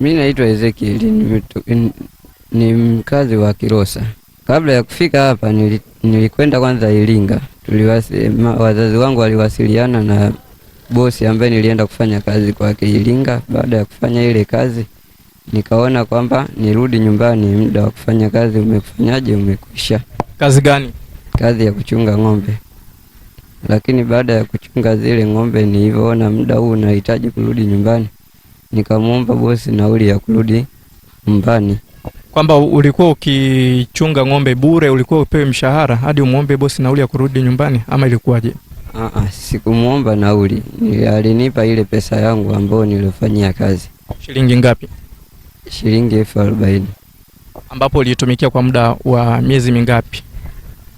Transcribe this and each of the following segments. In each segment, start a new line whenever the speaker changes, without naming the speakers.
Mi naitwa Ezekiel ni mkazi wa Kilosa. Kabla ya kufika hapa nilikwenda kwanza Iringa, tuliwasi, ma, wazazi wangu waliwasiliana na bosi ambaye nilienda kufanya kazi kwake Iringa. Baada ya kufanya ile kazi nikaona kwamba nirudi nyumbani, muda wa kufanya kazi umefanyaje, umekwisha. Kazi gani? Kazi ya kuchunga ng'ombe. Lakini baada ya kuchunga zile ng'ombe nilivyoona muda huu unahitaji kurudi nyumbani, nikamwomba bosi nauli ya kurudi nyumbani,
kwamba ulikuwa ukichunga ng'ombe bure, ulikuwa upewe mshahara hadi umwombe bosi nauli ya kurudi nyumbani, ama ilikuwaje?
Ah, sikumwomba nauli, alinipa ile pesa yangu ambayo nilifanyia kazi.
Shilingi ngapi?
Shilingi elfu arobaini
ambapo ulitumikia kwa muda wa miezi mingapi?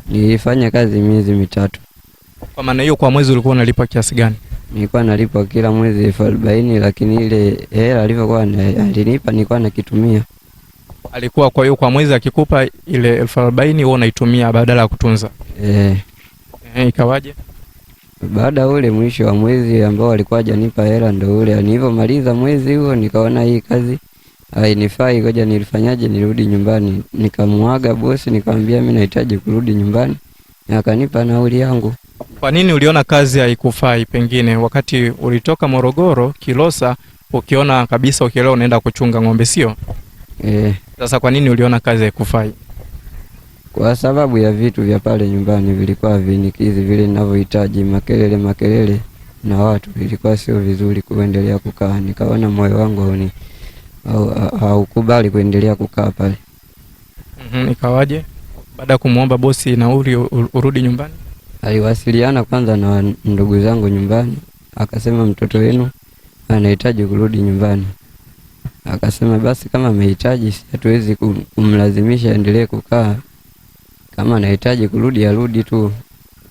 Nilifanya kazi miezi mitatu.
Kwa maana hiyo, kwa mwezi ulikuwa unalipa kiasi gani?
nilikuwa nalipwa kila mwezi elfu arobaini lakini ile hela alivyokuwa alinipa nilikuwa nakitumia.
Alikuwa kwa hiyo kwa mwezi akikupa ile elfu arobaini wewe unaitumia badala ya kutunza eh. Eh, ikawaje?
Baada ule mwisho wa mwezi ambao alikuwa hajanipa hela, ndo ule nilivyomaliza mwezi huo nikaona hii kazi hainifai, ngoja nilifanyaje, nirudi nyumbani. Nikamwaga bosi, nikamwambia mimi nahitaji kurudi nyumbani, akanipa nauli yangu.
Kwa nini uliona kazi haikufai pengine wakati ulitoka Morogoro Kilosa, ukiona kabisa ukielewa unaenda kuchunga ng'ombe sio? Eh. Sasa kwa nini uliona kazi haikufai?
Kwa sababu ya vitu vya pale nyumbani vilikuwa vinikizi vile ninavyohitaji, makelele makelele na watu, vilikuwa sio vizuri kuendelea kukaa. Nikaona moyo wangu haukubali kuendelea kukaa pale.
mm -hmm, ikawaje? Baada ya kumwomba bosi nauli urudi nyumbani?
Aliwasiliana kwanza na ndugu zangu nyumbani, akasema mtoto wenu anahitaji kurudi nyumbani. Akasema basi kama amehitaji, si hatuwezi kumlazimisha endelee kukaa, kama anahitaji kurudi arudi tu.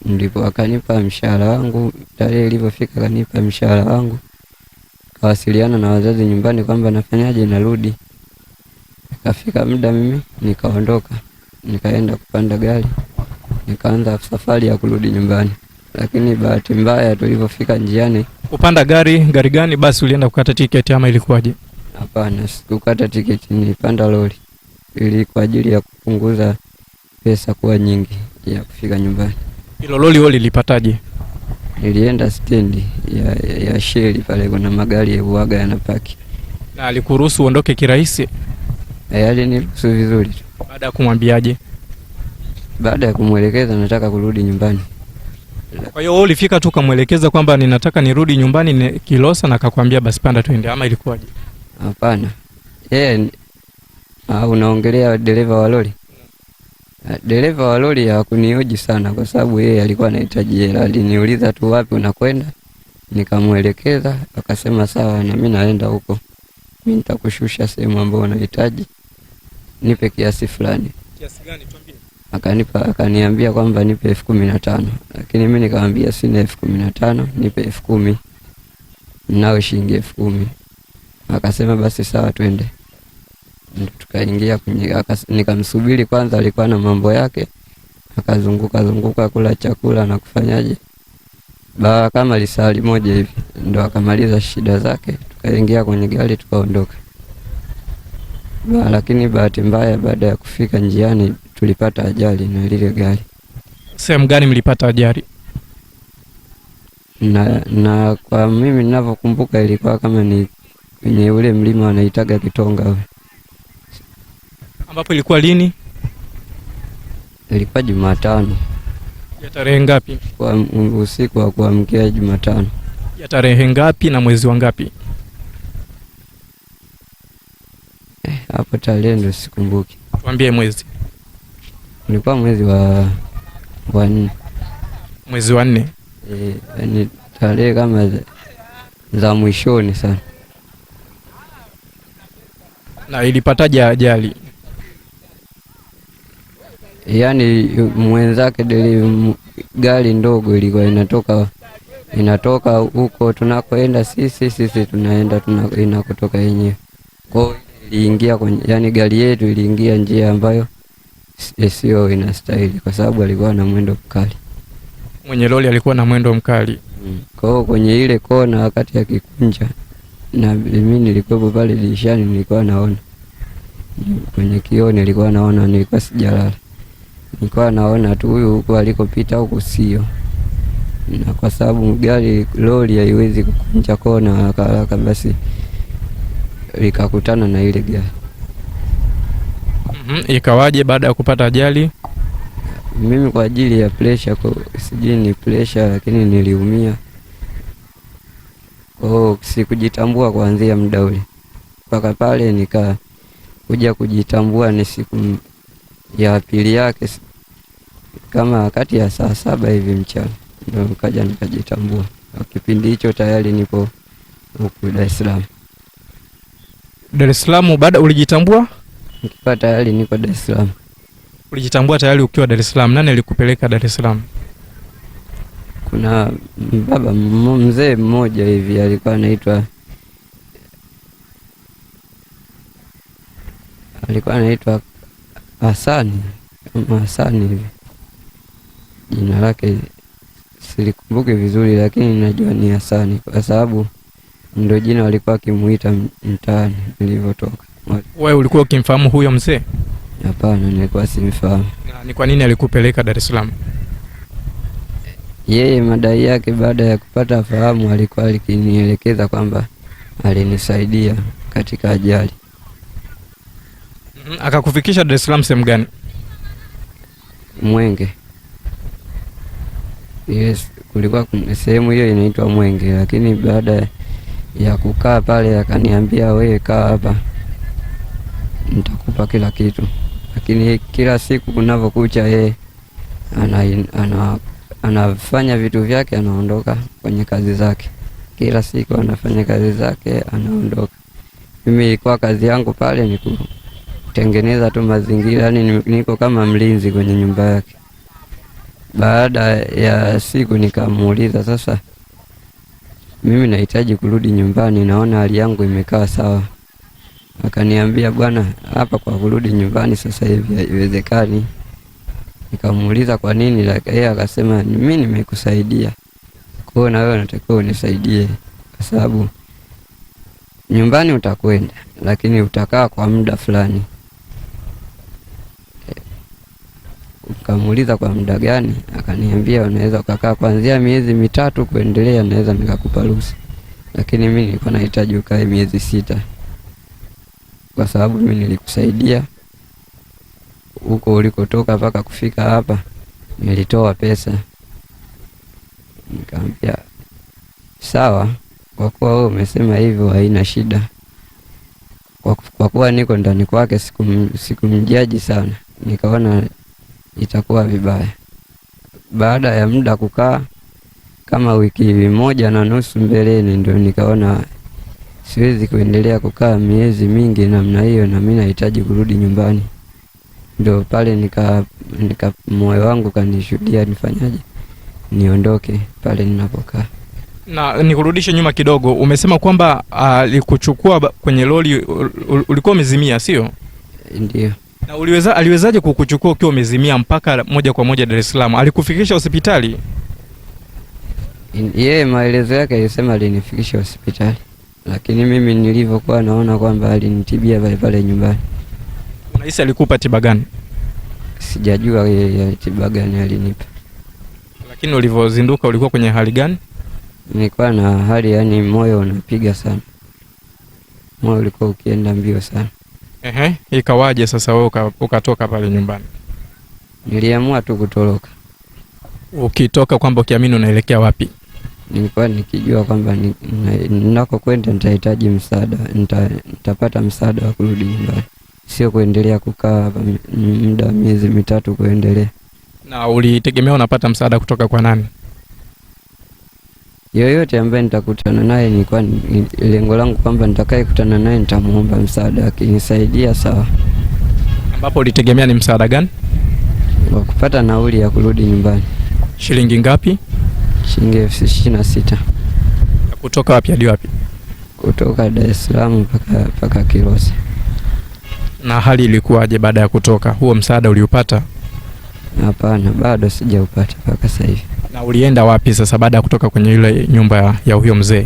Ndipo akanipa mshahara wangu, tarehe ilivyofika akanipa mshahara wangu, kawasiliana na wazazi nyumbani kwamba nafanyaje, narudi. Ikafika muda mimi nikaondoka, nikaenda kupanda gari nikaanza safari ya kurudi nyumbani, lakini bahati mbaya tulivyofika njiani
kupanda gari, gari gani basi ulienda kukata tiketi ama ilikuwaje?
Hapana, sikukata tiketi, nilipanda lori ili kwa ajili ya kupunguza pesa kuwa nyingi ya kufika nyumbani.
Hilo lori wewe lilipataje?
Nilienda stendi ya, ya sheli pale, kuna magari ya uaga yanapaki.
Na alikuruhusu uondoke kirahisi?
E, vizuri
Baada ya kumwambiaje?
Baada ya kumwelekeza nataka kurudi nyumbani.
Kwa hiyo ulifika tu ukamwelekeza kwamba ninataka nirudi nyumbani ni Kilosa na akakwambia basi panda twende ama ilikuwaje?
Hapana. Yeye unaongelea dereva wa lori? Dereva wa lori hakunioji sana kwa sababu yeye alikuwa anahitaji hela. Aliniuliza tu wapi unakwenda? Nikamwelekeza, akasema sawa na mimi naenda huko. Mimi nitakushusha sehemu ambayo unahitaji. Nipe kiasi fulani. Kiasi gani? akanipa akaniambia kwamba nipe elfu kumi na tano lakini mi nikamwambia sina elfu kumi na tano nipe elfu kumi nao shilingi elfu kumi akasema basi sawa twende tukaingia kwenye nikamsubiri kwanza alikuwa na mambo yake akazunguka zunguka kula chakula na kufanyaje baa kama lisali moja hivi ndo akamaliza shida zake tukaingia kwenye gari tukaondoka ba, lakini bahati mbaya baada ya kufika njiani tulipata ajali na lile gari.
Sehemu gani mlipata ajali?
Na, na kwa mimi ninavyokumbuka ilikuwa kama ni kwenye ule mlima wanaitaga Kitonga we.
Ambapo ilikuwa lini?
Ilikuwa Jumatano
ya tarehe ngapi?
Kwa usiku wa kuamkia Jumatano
ya tarehe ngapi na mwezi wa ngapi?
Eh, hapo tarehe ndio sikumbuki.
Tuambie mwezi.
Ulikuwa mwezi wa wa nne. Mwezi wa nne. Eh, ni tarehe kama za, za mwishoni sana.
Na ilipataje ajali?
Yaani mwenzake deli gari ndogo ilikuwa inatoka inatoka huko tunakoenda sisi, sisi tunaenda tunako, inakotoka yenyewe kwao iliingia kwenye, yani gari yetu iliingia njia ambayo sio inastahili, kwa sababu alikuwa na mwendo mkali.
Mwenye lori alikuwa na mwendo mkali
mm. Kwa hiyo kwenye ile kona, wakati akikunja, na mimi nilikuwepo pale dirishani, nilikuwa naona kwenye kioo, nilikuwa naona, nilikuwa sijalala, nilikuwa naona tu huyu huku alikopita huku sio na kwa sababu gari lori haiwezi kukunja kona haraka haraka, basi likakutana na ile gari.
mm -hmm. Ikawaje baada ya kupata ajali?
Mimi kwa ajili ya presha, sijui ni presha, lakini niliumia Oh, sikujitambua kuanzia muda ule mpaka pale nikakuja kujitambua ni siku ya pili yake kama kati ya saa saba hivi mchana ndio nikaja nikajitambua. Kipindi hicho tayari nipo huku Dar es Salaam.
Dar es Salaam baada ulijitambua?
Nikiwa tayari niko Dar es Salaam.
Ulijitambua tayari ukiwa Dar es Salaam. Nani alikupeleka Dar es Salaam?
Kuna baba mzee mmoja hivi alikuwa anaitwa alikuwa anaitwa Hasani kama Hasani hivi, jina lake silikumbuki vizuri, lakini najua ni Hasani kwa sababu ndio jina walikuwa wakimuita mtaani nilivyotoka.
Wewe ulikuwa ukimfahamu huyo mzee?
Hapana, nilikuwa simfahamu.
Ni kwa nini alikupeleka Dar es Salaam?
Yeye madai yake, baada ya kupata fahamu, alikuwa alikinielekeza kwamba alinisaidia katika ajali.
Mm-hmm. Akakufikisha Dar es Salaam sehemu gani?
Mwenge. Yes, kulikuwa sehemu hiyo inaitwa Mwenge, lakini baada ya ya kukaa pale, akaniambia wewe kaa hapa, nitakupa kila kitu. Lakini kila siku kunavyokucha, yeye ana, ana, anafanya vitu vyake, anaondoka kwenye kazi zake. Kila siku anafanya kazi zake, anaondoka. Mimi ilikuwa kazi yangu pale ni kutengeneza tu mazingira, yani niko kama mlinzi kwenye nyumba yake. Baada ya siku nikamuuliza sasa mimi nahitaji kurudi nyumbani, naona hali yangu imekaa sawa. Akaniambia, bwana, hapa kwa kurudi nyumbani sasa hivi haiwezekani. Nikamuuliza kwa nini, yeye akasema, mimi nimekusaidia, kwa hiyo na wewe unatakiwa unisaidie, kwa sababu nyumbani utakwenda, lakini utakaa kwa muda fulani nikamuuliza kwa muda gani, akaniambia unaweza ukakaa kuanzia miezi mitatu kuendelea, naweza nikakupa ruhusa, lakini mimi nilikuwa nahitaji ukae miezi sita kwa sababu mimi nilikusaidia huko ulikotoka mpaka kufika hapa, nilitoa pesa. Nikamwambia sawa, kwa kuwa wewe umesema hivyo haina shida. Kwa kuwa niko ndani kwake, sikumjaji siku sana, nikaona itakuwa vibaya. Baada ya muda kukaa kama wiki moja na nusu mbeleni, ndio nikaona siwezi kuendelea kukaa miezi mingi namna hiyo, na mimi nahitaji kurudi nyumbani. Ndio pale nika, nika moyo wangu kanishuhudia nifanyaje, niondoke pale ninapokaa.
Na nikurudishe nyuma kidogo, umesema kwamba alikuchukua ah, uh, kwenye lori ulikuwa umezimia, sio ndio? Na uliweza, aliwezaje kukuchukua ukiwa umezimia mpaka moja kwa moja Dar es Salaam? Alikufikisha hospitali?
Yeye maelezo yake alisema alinifikisha hospitali, lakini mimi nilivyokuwa naona kwamba alinitibia pale pale nyumbani.
Unahisi alikupa tiba gani?
Sijajua yeye tiba gani alinipa.
Lakini ulivyozinduka ulikuwa kwenye hali gani?
Nilikuwa na hali yani, moyo unapiga sana, moyo ulikuwa ukienda mbio sana.
Ehe, ikawaje sasa wewe uka, ukatoka pale nyumbani?
Niliamua tu kutoroka.
Ukitoka kwamba ukiamini unaelekea wapi?
Nilikuwa nikijua kwamba ninako kwenda nitahitaji msaada, nitapata msaada wa kurudi nyumbani, sio kuendelea kukaa hapa muda miezi mitatu kuendelea.
Na ulitegemea unapata msaada kutoka kwa nani?
yoyote ambaye nitakutana naye, nilikuwa lengo langu kwamba nitakayekutana naye nitamuomba msaada, akinisaidia sawa.
Ambapo ulitegemea ni msaada gani?
Wa kupata nauli ya kurudi nyumbani.
Shilingi ngapi?
Shilingi elfu ishirini na sita.
Kutoka wapi hadi wapi?
Kutoka Dar es Salaam mpaka mpaka Kilosi.
Na hali ilikuwaje baada ya kutoka? Huo msaada uliupata?
Hapana, bado sijaupata mpaka sasa hivi.
Na ulienda wapi sasa baada ya kutoka kwenye ile nyumba ya huyo mzee?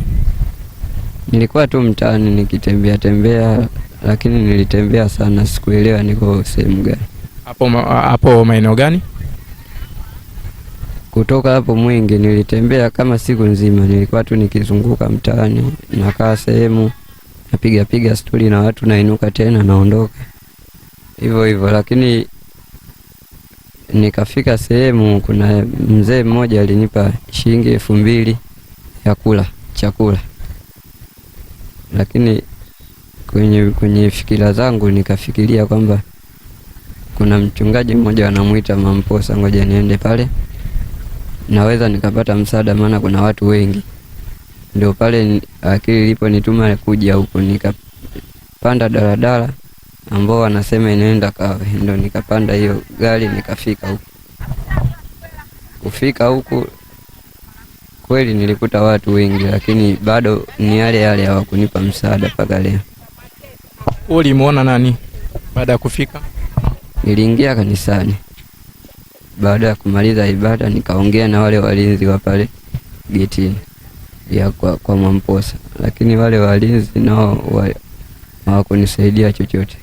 Nilikuwa tu mtaani nikitembea tembea, lakini nilitembea sana, sikuelewa niko sehemu gani.
Hapo hapo maeneo gani?
Kutoka hapo Mwingi nilitembea kama siku nzima, nilikuwa tu nikizunguka mtaani, nakaa sehemu, napiga piga stori na watu, nainuka tena naondoka, hivyo hivyo, lakini Nikafika sehemu, kuna mzee mmoja alinipa shilingi elfu mbili ya kula chakula, lakini kwenye, kwenye fikira zangu nikafikiria kwamba kuna mchungaji mmoja anamwita Mamposa, ngoja niende pale naweza nikapata msaada, maana kuna watu wengi. Ndio pale akili nituma kuja huku, nikapanda daladala ambao wanasema inaenda Kawe, ndo nikapanda hiyo gari nikafika huku. Kufika huku kweli nilikuta watu wengi, lakini bado ni yale yale, hawakunipa msaada mpaka leo.
Ulimuona nani baada ya kufika?
Niliingia kanisani baada ya kumaliza ibada, nikaongea na wale walinzi wa pale getini ya kwa, kwa Mwamposa, lakini wale walinzi nao hawakunisaidia chochote.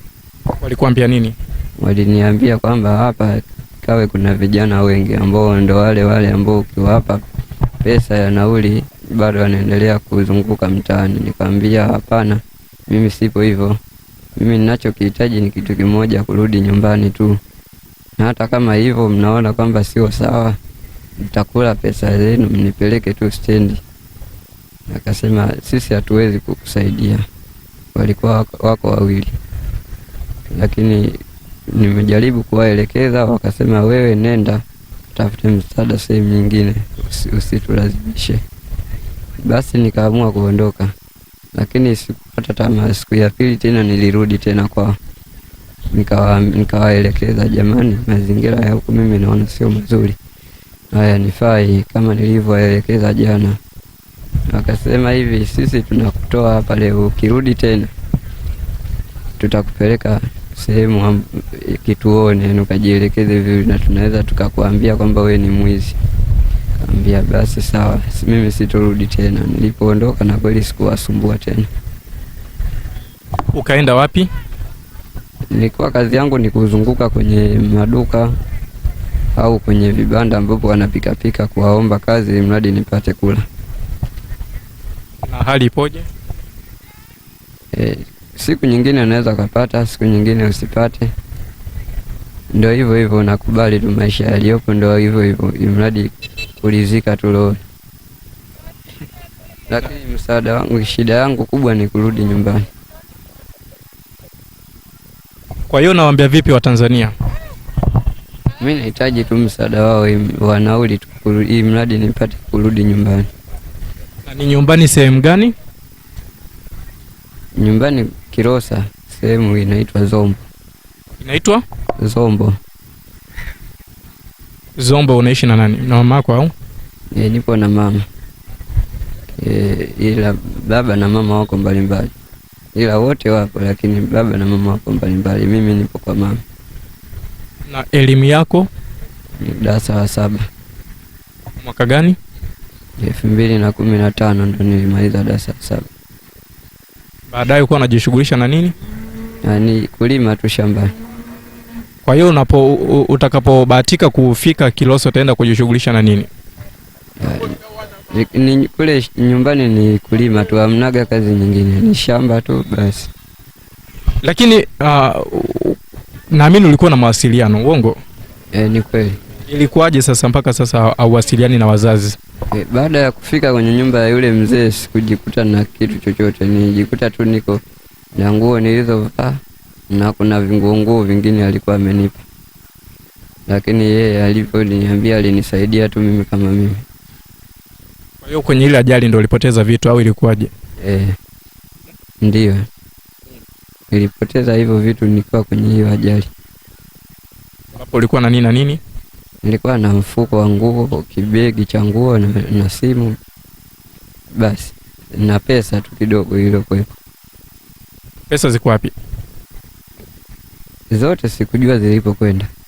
Walikuambia nini?
Waliniambia kwamba hapa kawe kuna vijana wengi ambao ndo wale wale ambao ukiwapa pesa ya nauli bado wanaendelea kuzunguka mtaani. Nikamwambia hapana, mimi sipo hivyo. Mimi ninachokihitaji ni kitu kimoja, kurudi nyumbani tu, na hata kama hivyo mnaona kwamba sio sawa, mtakula pesa zenu, mnipeleke tu stendi. Akasema sisi hatuwezi kukusaidia. Walikuwa wako wawili lakini nimejaribu kuwaelekeza, wakasema wewe nenda tafute msaada sehemu nyingine, usitulazimishe. Basi nikaamua kuondoka, lakini sikupata tamaa. Siku ya pili tena nilirudi tena kwao, nikawaelekeza, jamani, mazingira ya huku mimi naona sio mazuri, haya nifai kama nilivyoelekeza jana. Wakasema hivi, sisi tunakutoa hapa leo, ukirudi tena tutakupeleka sehemu kituone yani ukajielekeze vizuri, na tunaweza tukakuambia kwamba we ni mwizi. Kaambia basi sawa, mimi sitorudi tena. Nilipoondoka na kweli sikuwasumbua tena.
Ukaenda wapi?
Nilikuwa kazi yangu ni kuzunguka kwenye maduka au kwenye vibanda ambapo wanapikapika kuwaomba kazi, mradi nipate kula.
Na hali ipoje?
Eh, siku nyingine unaweza ukapata, siku nyingine usipate. Ndio hivyo hivyo, unakubali tu maisha yaliyopo, ndio hivyo hivyo, imradi kulizika tu roho. Lakini msaada wangu, shida yangu kubwa ni kurudi nyumbani.
Kwa hiyo nawaambia vipi Watanzania?
Mi nahitaji tu msaada wao wa nauli, ili mradi nipate kurudi nyumbani.
Na ni nyumbani sehemu gani?
Nyumbani Kilosa, sehemu inaitwa Zombo. Inaitwa Zombo.
Zombo. Unaishi na nani? Na mama yako au?
E, nipo na mama e, ila baba na mama wako mbalimbali, ila wote wapo, lakini baba na mama wako mbalimbali. Mimi nipo kwa mama.
Na elimu yako
ni darasa la saba. Mwaka gani? elfu mbili na kumi na tano ndo nilimaliza darasa la saba.
Baadaye uko unajishughulisha na nini?
Ah, ni kulima tu shambani.
Kwa hiyo unapo utakapobahatika kufika kiloso utaenda kujishughulisha na nini?
Ah, ni, kule nyumbani ni kulima tu, amnaga kazi nyingine, ni shamba tu basi.
Lakini uh, naamini ulikuwa na mawasiliano, uongo?
E, ni kweli.
Ilikuwaje sasa mpaka sasa hauwasiliani na wazazi?
E, baada ya kufika kwenye nyumba ya yule mzee sikujikuta na kitu chochote, nilijikuta tu niko na nguo nilizovaa na kuna vinguonguo vingine alikuwa amenipa, lakini yeye alivyoniambia alinisaidia tu mimi kama mimi.
Kwa hiyo kwenye ile ajali ndo ulipoteza vitu au ilikuwaje?
E, eh, ndiyo nilipoteza hivyo vitu nikiwa kwenye hiyo ajali.
Hapo ulikuwa na nini na nini?
nilikuwa na mfuko wa nguo, kibegi cha nguo na, na simu basi na pesa tu kidogo iliyokwepo.
Pesa ziko wapi?
Zote sikujua zilipokwenda.